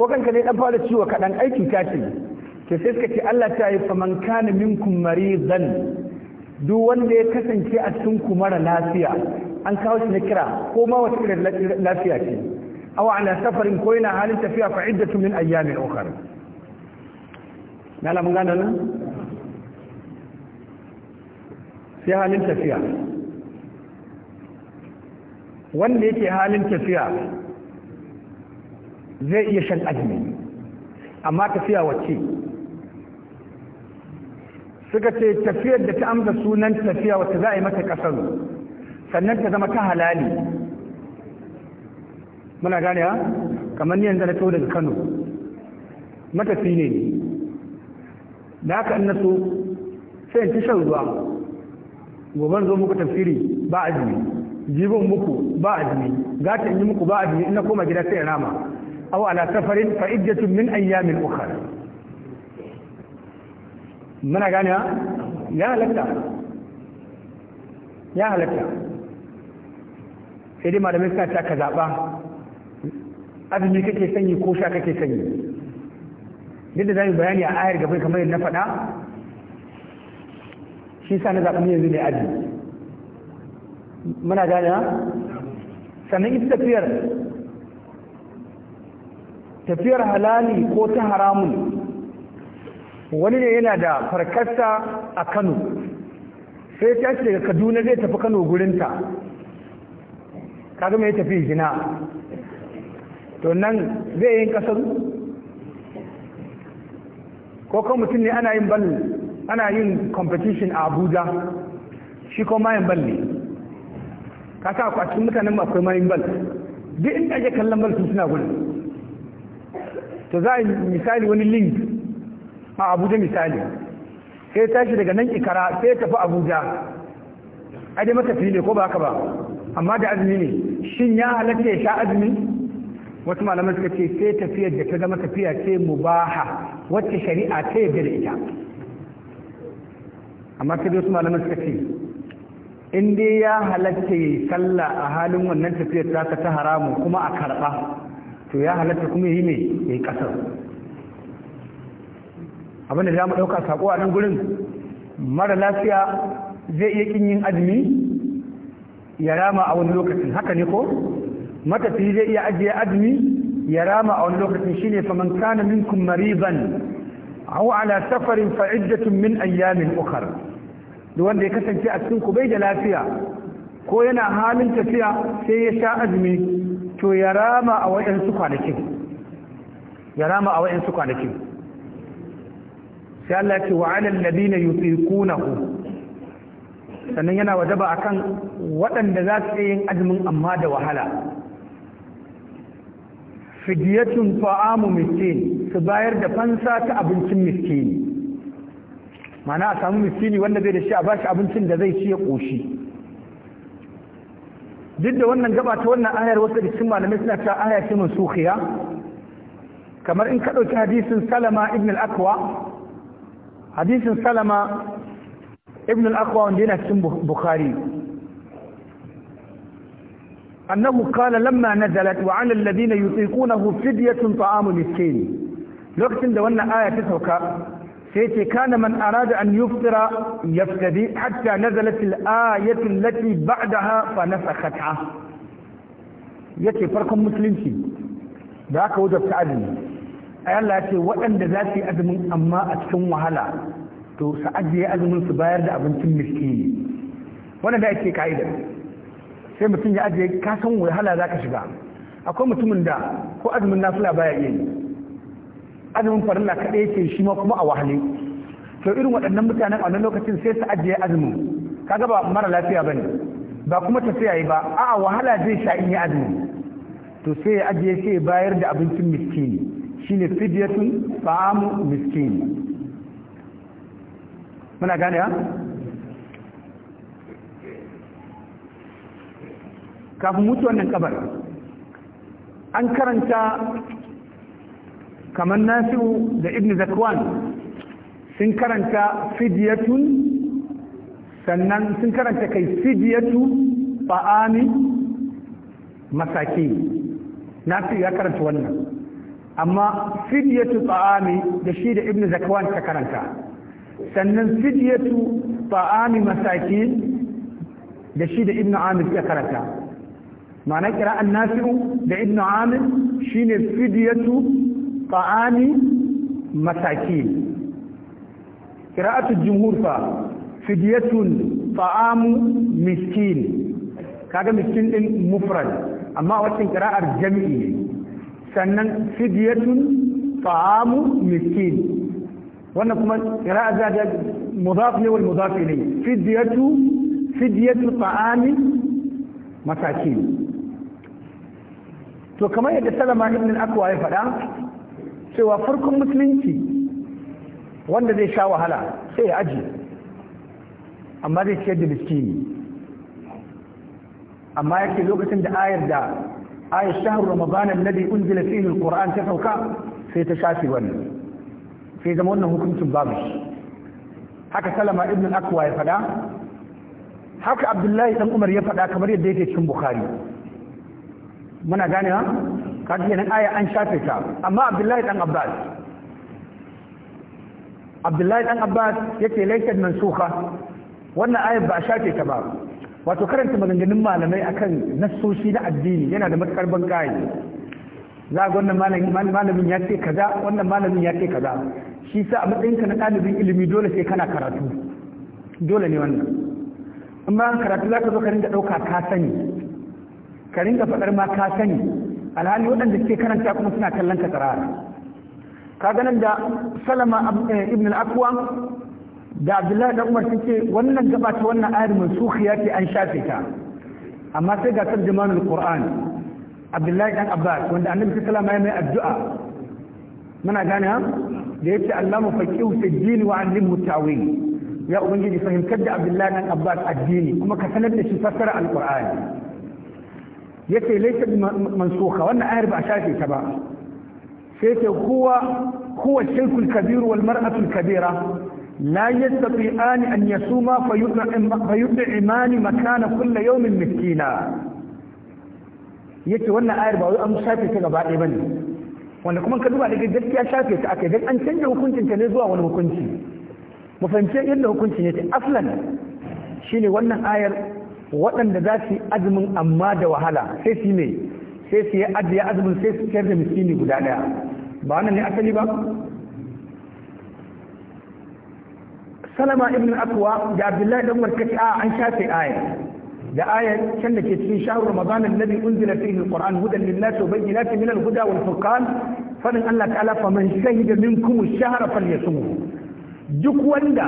ko kanka ne dan fara ciwo kaɗan ai cuta ce ke sai suka ce Allah ta yi faman kana minkum zan duk wanda ya kasance a cikin ku mara lafiya an kawo shi na kira ko ma wata irin lafiya ce awa ala safarin ko yana halin tafiya fa iddatu min ayyamin ukhra na mun gane nan sai halin tafiya wanda yake halin tafiya zai iya shan azumi amma tafiya wacce suka ce tafiyar da ta amsa sunan tafiya wacce za a yi mata kasar sannan ta zama ta halali muna gane ha kamar ni yanzu na to daga kano matafi ne da haka in na so sai in ci shan zuwa, goban zo muku tafsiri ba jini, jibin muku ba jini, gata in yi muku ba jini in na koma gida sai rama aw ala safarin fa iddatun min ayyamin ukhra muna gane ya halatta ya halatta sai dai malamai suna ta ka zaɓa azumi kake sanyi ko sha kake sanyi yadda za mu bayani a ayar gaba kamar yadda na faɗa shi sa na zaɓi yanzu ne aji muna gane sannan ita tafiyar tafiyar halali ko ta haramun wani ne yana da farkasta a kano sai ta ce daga kaduna zai tafi kano gurinta kaga ya tafi jina to nan zai yin kasar ko kan mutum ne ana yin balli ana yin competition a abuja shi ko mayan bal ne ka sa ku a cikin mutanen akwai mayan bal duk inda ake kallon bal suna gudu to za a misali wani link a abuja misali sai tashi daga nan ikara sai tafi abuja ai dai matafi ne ko ba haka ba amma da azumi ne shin ya halatta ya sha azumi wasu malamai suka ce sai tafiyar da ta zama tafiya ce mubaha wacce shari'a ta yarda da ita amma sai wasu malamai suka ce in dai ya halatta yi sallah a halin wannan tafiyar ta ta haramu kuma a karɓa to ya halatta kuma yi mai yi ƙasar, abinda za mu ɗauka sako a nan gurin mara lafiya zai iya ƙin yin azumi ya rama a wani lokacin haka ne ko matafi zai iya ajiye azumi ya rama a wani lokacin shine faman kana minkum mariban aw ala safarin fa iddatun min ayyamin ukhra duk wanda ya kasance a cikin ku bai da lafiya ko yana halin tafiya sai ya sha azumi to ya rama a wayansu kwanakin ya rama a wayansu kwanakin sai Allah ya ce wa alal ladina yutiqunahu sannan yana wajaba akan waɗanda za su yin azumin amma da wahala fidiyatun ta'amu miskin su bayar da fansa ta abincin miskini mana a samu miskini wanda zai da shi a bashi abincin da zai ci ya koshi duk da wannan gaba ta wannan ayar wasu da cin malamai suna ta aya ce sukhiya kamar in ka ɗauki hadisin salama ibn al-akwa hadisin salama ibn al-akwa wanda yana cikin bukhari annahu qala lamma nazalat wa 'ala alladhina yutiqunahu fidyatun ta'amu miskin lokacin da wannan aya ta sauka sai ce kana man arada an yuftira yaftadi hatta nazalat al-ayatu allati ba'daha fa nasakhatha yace farkon musulunci da aka wajabta azumi ai Allah waɗanda za yi azumin amma a cikin wahala to su ajiye azumin su bayar da abincin miskini wannan da ake ka'idar sai mutum ya ajiye kasan wahala za ka shiga akwai mutumin da ko azumin nafila baya iya yi azumin farilla kaɗai yake shi ma kuma a wahale to irin waɗannan mutanen a wannan lokacin sai su ajiye azumin kaga ba mara lafiya ba ne ba kuma tafiya yi ba a wahala zai sha in yi azumin to sai ya ajiye sai bayar da abincin miskini shine fidyatun ba'amu miskini muna gane kafin mutu wannan kabar an karanta kamar nasiru da ibn zakwan sun karanta fidiyatun sannan sun karanta kai fidiyatu fa'ami masaki nasiru ya karanta wannan amma fidiyatu fa'ami da shi da ibn zakwan ta karanta sannan fidiyatu fa'ami masaki da shi da ibn amir ta karanta ma'ana kira'an Nasiru da ibn amir shine fidiyatu ta'ami masaki kira'atu jumhur fa fidiyatun ta'amu miskin kaga miskin din mufrad amma wacce kira'ar jami'i ne sannan fidiyatun ta'amu miskin wannan kuma kira'a za da mudaf ne wal mudaf ne fidyatu fidyatu ta'ami masakin to kamar yadda salama ibn akwa ya faɗa cewa farkon musulunci wanda zai sha wahala sai ya aji amma zai ciyar da miskini amma yake lokacin da ayar da ayar shahar ramadan alladhi unzila fihi alquran ta sauka sai ta shafi wannan sai zama wannan hukuncin babu haka salama ibn akwa ya faɗa haka abdullahi dan umar ya faɗa kamar yadda yake cikin bukhari muna ha kaji nan aya an shafe ta amma abdullahi dan abbas abdullahi dan abbas yake nan mansukha wannan ayar ba a shafe ta ba wato karanta maganganun malamai akan nassoshi na addini yana da matukar ban za ga wannan malamin ya ce kaza wannan malamin ya ce kaza shi sa a matsayinka na ɗalibin ilimi dole sai kana karatu dole ne wannan in ba karatu za ka zo ka rinka ɗauka ka sani ka ringa faɗar ma ka sani alhali waɗanda suke karanta kuma suna kallon ka tsirara ka ganin da salama eh, ibn al-akwa da abdullahi da umar suke wannan gaba ta wannan ayar mai sukiya ce an shafe ta amma sai ga tarjumanul qur'an abdullahi dan abbas wanda annabi sallama ya mai addu'a muna gane ha da yace allah mufaqihu fi din wa allimhu ta'wil ya ubangiji fahimtar da abdullahi dan abbas addini kuma ka sanar da shi fassara alqur'ani yace laysa mansukha wannan ayar ba a shafe ta ba sai ce huwa huwa shirkul kabir wal mar'atul kabira لا يستطيعان أن يصوما فيطعمان مكان كل yawmin مسكينا yake wannan ayar ba wai an shafe ta gaba ɗaya bane wanda kuma ka duba daga gaskiya shafe ta akai dan an canja hukuncin ta ne zuwa wani hukunci mu fahimci yadda hukuncin yake aslan shine wannan ayar waɗanda za su yi azumin amma da wahala sai su ne sai su yi ajiye azumin sai su ciyar da miskini guda ɗaya ba wannan ne asali ba salama ibn akwa da abdullahi dan warkaci a an shafe aya da aya can da ke cikin shahar ramadan annabi unzila fihi alquran hudan lin-nas wa bayyinatin min al-huda wal furqan fadin Allah ta'ala fa faman shahida minkum ash-shahra falyasumhu duk wanda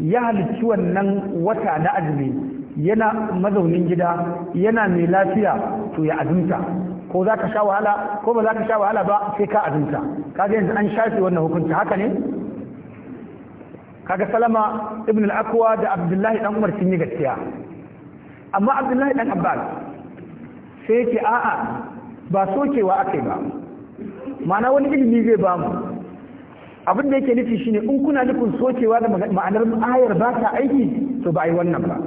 ya halicci wannan wata na azumi yana mazaunin gida yana mai lafiya to ya azumta ko za ka sha wahala ko ba za ka sha wahala ba sai ka azumta kaga yanzu an shafe wannan hukunci haka ne kaga salama ibn al-akwa da abdullahi dan umar sun yi gaskiya amma abdullahi dan abbas sai yake a'a ba sokewa akai ba ma'ana wani ilimi zai ba mu abin da yake nufi shine in kuna nufin sokewa da ma'anar ayar ba ta aiki to ba a yi wannan ba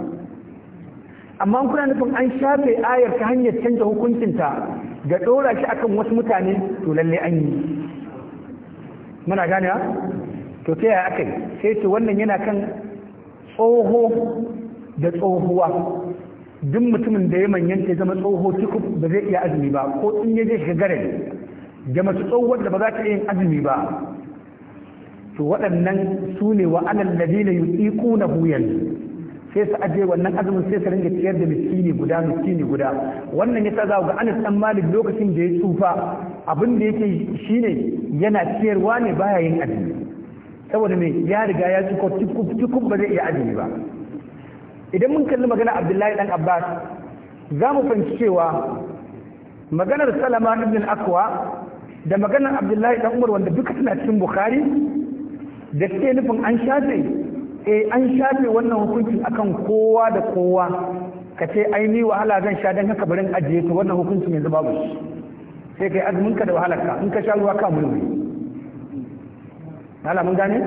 amma kuna nufin an shafe ayar ta hanyar canza hukuncinta ga ɗora shi akan wasu mutane to lalle an yi muna gane to ta yaya aka yi sai ce wannan yana kan tsoho da tsohuwa duk mutumin da ya manyanta zama tsoho cikin ba zai iya azumi ba ko in ya je shiga gare da masu tsohuwar da ba za ta iya yin azumi ba to waɗannan su ne wa alal ladina yuqiquna huyan sai su aje wannan azumin sai su ringa ciyar da miskini guda miskini guda wannan yasa za ga Anas dan Malik lokacin da ya tsufa abin da yake shine yana ciyarwa ne baya yin azumi saboda me ya riga ya tsuko tukub ba zai iya azumi ba idan mun kalli magana Abdullahi dan Abbas za mu fahimci cewa maganar Salama ibn akwa aqwa da maganar Abdullahi dan Umar wanda duka suna cikin Bukhari da ke nufin an shafe eh an shafe wannan hukuncin akan kowa da kowa ka ce ai ni wahala zan sha dan haka barin ajiye to wannan hukuncin yanzu babu shi sai kai azumin ka da wahalar ka in ka sha ruwa ka mulmi hala mun gane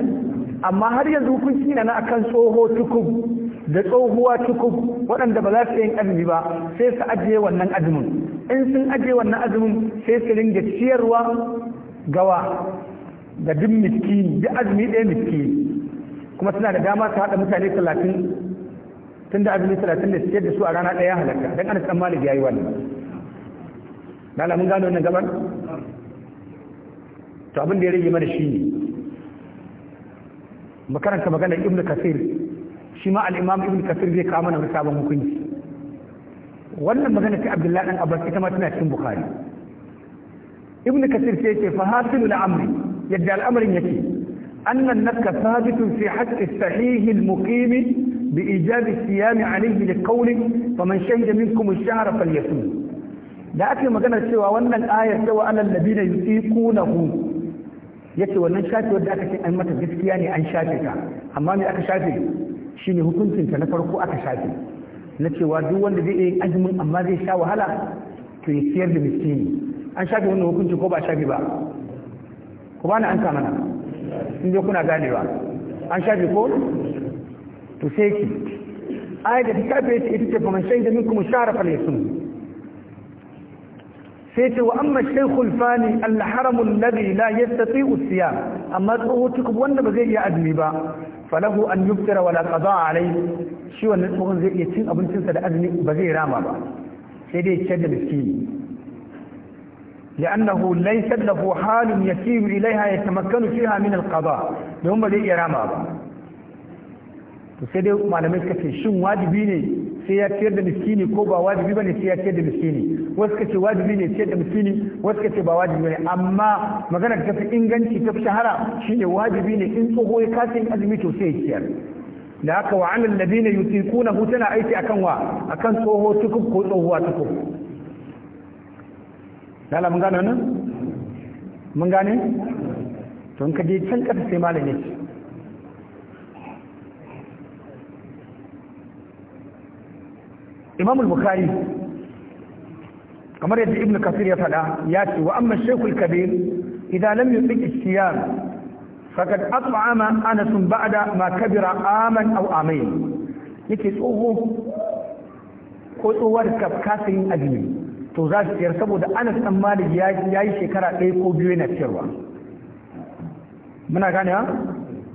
amma har yanzu hukunci na akan tsoho tukub da tsohuwa tukub waɗanda ba za su yin azumi ba sai su ajiye wannan azumin in sun ajiye wannan azumin sai su ringa ciyarwa gawa da duk miskini duk azumi ɗaya miskini kuma suna da dama su haɗa mutane talatin tun da azumi talatin da su da su a rana ɗaya halarta don ana san malik ya yi wannan lala mun gano wannan gabar to abin da ya rage mana shi ne makaranta magana ibn kasir shi ma al'imam ibn kasir zai kawo mana wani sabon hukunci wannan magana ta abdullahi dan abbas ita ma tana cikin bukhari ibn kasir sai ce fa hasilu amri yadda al'amarin yake أن النفك ثابت في حق الصحيح المقيم بإيجاب الصيام عليه لقوله فمن شهد منكم الشهر فليصوم da ake maganar cewa wannan ayar cewa alal ladina yutiqunahu yace wannan shafi wanda aka ce an mata gaskiya ne an shafe ta amma me aka shafe shine hukuncin ta na farko aka shafe na cewa duk wanda zai yi azumin amma zai sha wahala to ya siyar da miskini an shafe wannan hukunci ko ba shafe ba ko ba na an kama na in dai kuna ganewa an shafe ko to sai ki ayat da ta kafe ita ce fa man shahida minkum shahra falyasum sai ce wa amma shaykhul fani al-haram alladhi la yastati'u siyam amma tsoho tukub wanda ba zai iya azumi ba falahu an yuftira wala qada alayhi shi wannan tsohon zai iya cin abincinsa da azumi ba zai rama ba sai dai ya ciyar da miskini لأنه ليس له حال يسير إليها يتمكن فيها من القضاء لهم بدي إرامة sai dai malamai suka ce shin wajibi ne sai ya ciyar da ko ba wajibi bane sai ya ciyar da wasu ka ce wajibi ne ciyar da miskini wasu ka ce ba wajibi bane amma maganar ta inganci ta shahara shine wajibi ne in tsoho ya kasa yin ya ciyar da haka wa alal ladina yutiquna tana aiki akan wa akan tsoho tukub ko tsohuwa tukub lala mun gane nan mun gane to in ka je can kasa sai malam ya imamul bukhari kamar yadda ibn kafir ya faɗa ya ce wa amma shekul kabir idan lam atu ama ana sun ba da ma kabira aman au amai yake tsoho ko tsohuwar kafkasin azumi to za su siyar saboda anas dan malik ya yi shekara ɗaya ko biyu yana siyarwa muna gane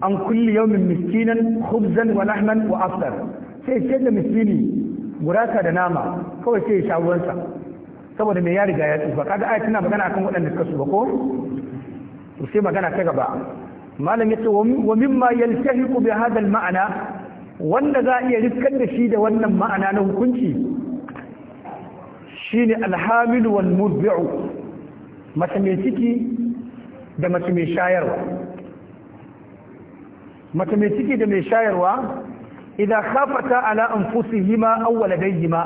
an kulli yawmin miskinan khubzan wa lahman wa aftar sai ce da miskini gurasa da nama kawai sai ya sha ruwansa saboda me ya riga ya tsufa kaga ai tana magana akan waɗanda suka ba ko to sai magana ta gaba malam yace wa mimma yaltahiqu bi hadha al ma'ana wanda za a iya riskar da shi da wannan ma'ana na hukunci shine alhamilu wal mudbi'u mace mai ciki da mace mai shayarwa mace mai ciki da mai shayarwa idan khafata ala anfusihima aw waladayhima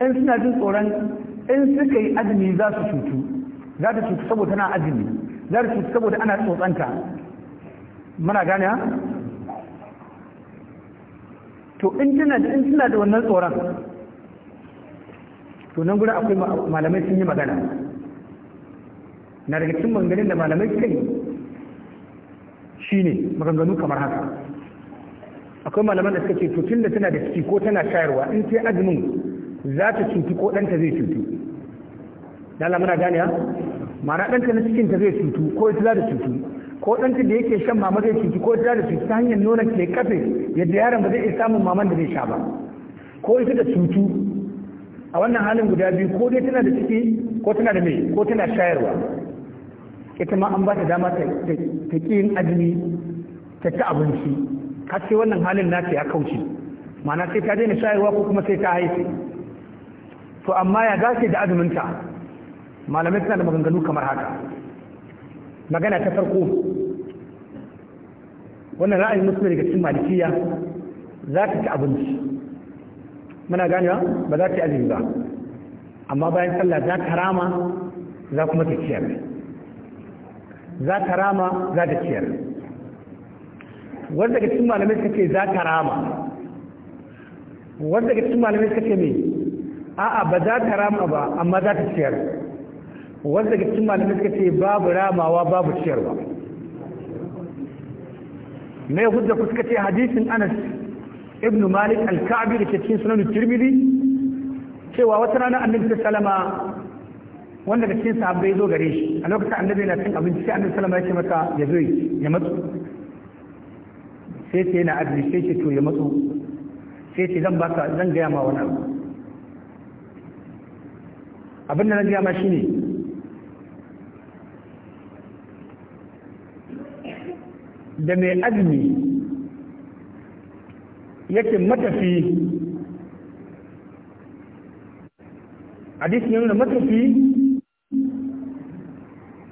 in suna jin tsoron in suka yi azumi za su cutu za ta cutu saboda tana azumi za ta cutu saboda ana tsotsanta muna gane to in tana in suna da wannan tsoron to nan akwai malamai sun yi magana na daga cikin maganganun da malamai suka yi shine maganganu kamar haka akwai malaman da suka ce to da tana da ciki ko tana shayarwa in ce azumin za ta cutu ko ɗanta zai cutu dala muna gani ha mara ɗanta na cikin ta zai cutu ko ita za ta cutu ko ɗanta da yake shan mama zai cutu ko ita za ta cutu ta hanyar nonon ke kafe yadda yaron ba zai iya samun maman da zai sha ba ko ita da cutu a wannan halin guda biyu ko dai tana da ciki ko tana da mai ko tana shayarwa ita ma an ba ta dama ta ƙi yin azumi ta ci abinci ka wannan halin na ya kauce mana sai ta daina shayarwa ko kuma sai ta haifi to amma ya dace da azuminta malamai suna da maganganu kamar haka magana ta farko wannan ra'ayin musulmi daga cikin malikiya za ta ci abinci muna ganewa ba za ta yi azumi ba amma bayan sallah za ta rama za kuma ta ciyar za ta rama za ta ciyar wanda daga cikin malamai suka ce za ta rama wanda daga cikin malamai suka ce me a'a ba za ta rama ba amma za ta ciyar wanda daga cikin malamai suka ce babu ramawa babu ciyarwa mai hujja ku suka ce hadisin Anas Ibnu malik al-ka'bi da ke cikin sunan tirmidhi cewa wata rana annabi ta salama wanda daga cikin sahabbai zo gare shi a lokacin annabi na cin abinci sai annabi salama ya ce masa ya zo ya matsu sai ce yana adli sai ce to ya matsu sai ce zan baka zan gaya ma wani abu abin da na gaya ma shine da mai azumi yake matafi hadisi ya nuna matafi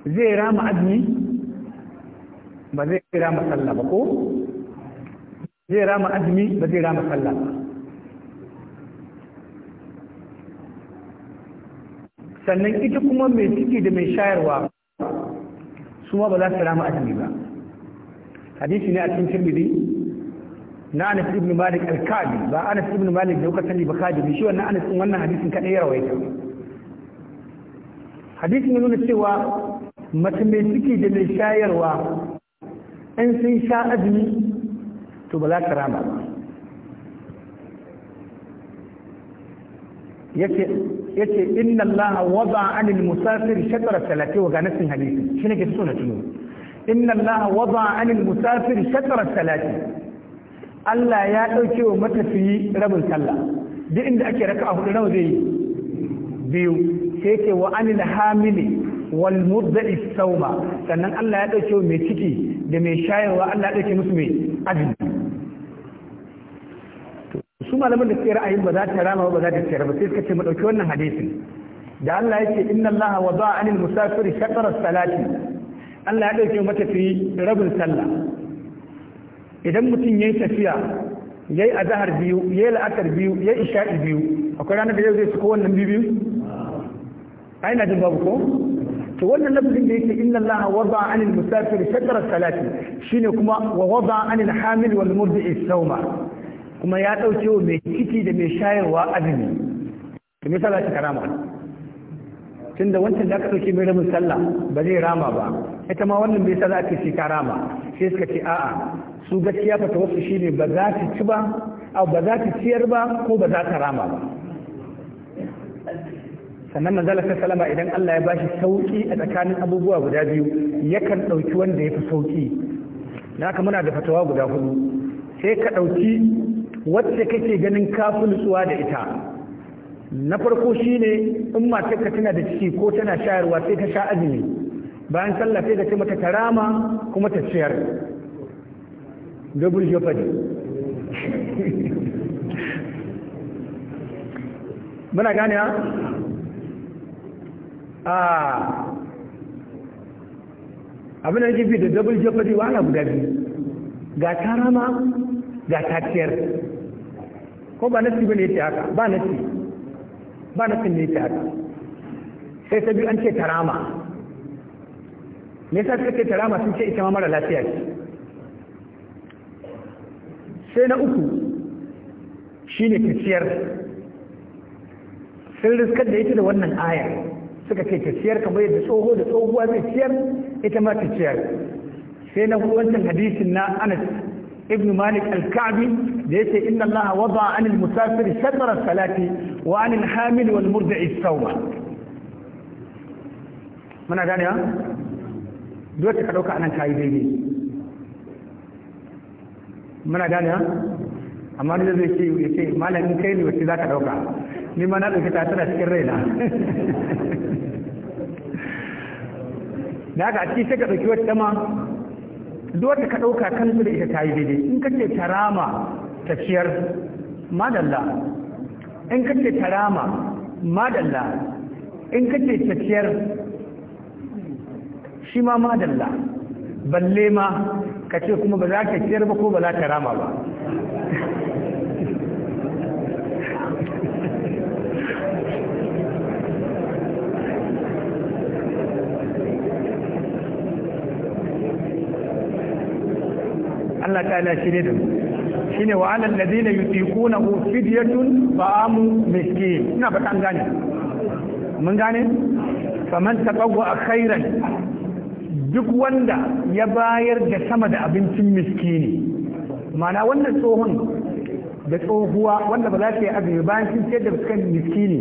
zai rama azumi ba zai rama sallah ba ko zai rama azumi ba zai rama sallah ba sannan ita kuma mai ciki da mai shayarwa su ma ba za su rama azumi ba hadisi ne a cikin tirmidhi na Anas ibn Malik al-Kadi ba Anas ibn Malik da kuka sani ba Kadi shi wannan Anas din wannan hadisin kadai ya rawaita hadisin yana cewa mace mai ciki da mai shayarwa in sun sha azumi to ba za ta rama ba yace yace inna Allah wada 'anil musafir shatra salati wa ganatin hadisi shine ke so na tuno inna Allah wada 'anil musafir shatra salati Allah ya ɗauke wa matafiyi rabin sallah duk inda ake raka a hudu nawa zai yi biyu sai ce wa anil hamili wal mudda'i sauma sannan Allah ya ɗauke wa mai ciki da mai shayarwa Allah ya ɗauke musu mai azumi su malaman da suke ra'ayin ba za ta rama ba za ta tsira ba sai suka ce mu ɗauki wannan hadisin da Allah ya ce inna Allah wa ba'a anil musafiri shaqara salati Allah ya ɗauke matafiyi rabin sallah idan mutum ya yi tafiya ya yi azahar biyu ya yi la'akar biyu ya yi isha'i biyu akwai ranar da yau zai ciko wannan biyu biyu ai na jin babu ko to wannan lafazin da yake inna allaha wada anil musafir shatara salati shine kuma wa wada anil hamil wal murdi'i sawma kuma ya dauke wa mai ciki da mai shayarwa azumi to misala karama tunda wancan da aka ɗauke mai ramin sallah ba zai rama ba ita ma wannan bai sallah ake shi ka rama sai suka ce a'a su gaskiya fata wasu shine ba za ta ci ba ba za ta ciyar ba ko ba za ta rama ba sannan manzal ta salama idan Allah ya bashi sauki a tsakanin abubuwa guda biyu yakan ɗauki wanda ya fi sauki na ka muna da fatawa guda hudu sai ka ɗauki wacce kake ganin kafin nutsuwa da ita na farko shine in ka tana da ciki ko tana shayarwa sai ta sha azumi bayan sallah sai ka ce mata karama kuma ta ciyar double jeopardy muna gane ha a abin da jifi da double jeopardy wahala guda biyu ga karama ga ta ciyar ko ba nasi bane yace haka ba nasi ba na cin ne sai ta biyu an ce tarama me yasa suka ce tarama sun ce ita ma mara lafiya ce sai na uku shi ne kaciyar sun riskar da ita da wannan ayar suka ce kaciyar kamar yadda tsoho da tsohuwa kaciyar ita ma kaciyar sai na wancan hadisin na anas ibn malik al-ka'bi da yace inna allaha wada anil musafir shatara salati wa anil hamil wal murda'i sawma muna gane ha duk ka dauka anan kai daidai muna gane ha amma da ce malamin kai ne wacce za ka dauka ni ma na dauki ta tana cikin raina da haka a ciki sai ka dauki wata ma ka dauka kansu da ita ta yi daidai in ka ce tarama ta ciyar madalla in ka ce tarama madalla in ka ce tafiyar shi ma madalla balle ma ce kuma ba za ka tafiyar ba ko ba za ka rama ba Allah ta ala ne da mu shine wa alal ladina yutiquna fidyatun ta'amu miskin ina ba kan gane mun gane faman tatawwa khairan duk wanda ya bayar da sama da abincin miskini mana wannan tsohon da tsohuwa wanda ba za ta yi azumi bayan sun ce da suka miskini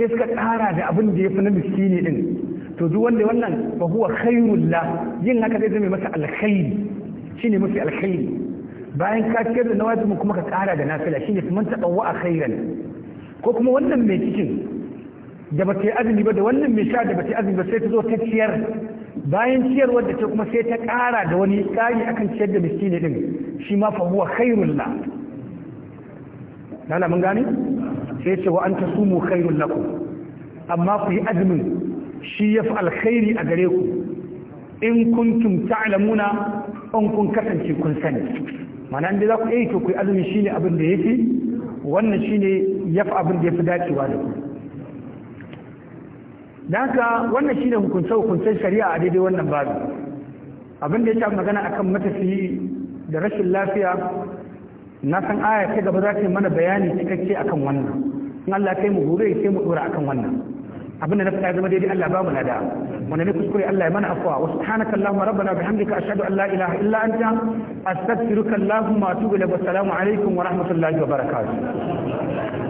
sai suka tsara da abin da ya fi na miskini din to duk wanda wannan ba huwa khairullah yin haka zai zama masa alkhairi shine mafi alkhairi bayan ka ciyar da na wajibin kuma ka kara da nafila shine kuma taɓawa a khairan ko kuma wannan mai cikin da ba ta yi azumi ba da wannan mai sha da ba ta yi azumi ba sai ta zo ta ciyar bayan ciyarwar da ta kuma sai ta kara da wani ƙari akan ciyar da miskini din shi ma fa huwa khairul la lala mun gane sai ce wa an tasumu khairul lakum amma ku yi azumin shi ya fi alkhairi a gare ku in kuntum ta'lamuna in kun kasance kun sani mana inda za ku iya ku ku azumi shine abin da fi wannan shine yafi abin da yafi dacewa da ku dan haka wannan shine hukunce hukuncen shari'a a daidai wannan babu abin da ya yake magana akan matafiyi da rashin lafiya na san aya ta gaba za ta yi mana bayani cikakke akan wannan in Allah kai mu gobe sai mu dora akan wannan abinda na faɗa zama daidai Allah ba mu lada wanda ne kuskure Allah ya mana afwa wa subhanaka allahumma rabbana bihamdika ashhadu an la ilaha illa anta astaghfiruka allahumma wa atubu ilayk wa assalamu alaikum wa rahmatullahi wa barakatuh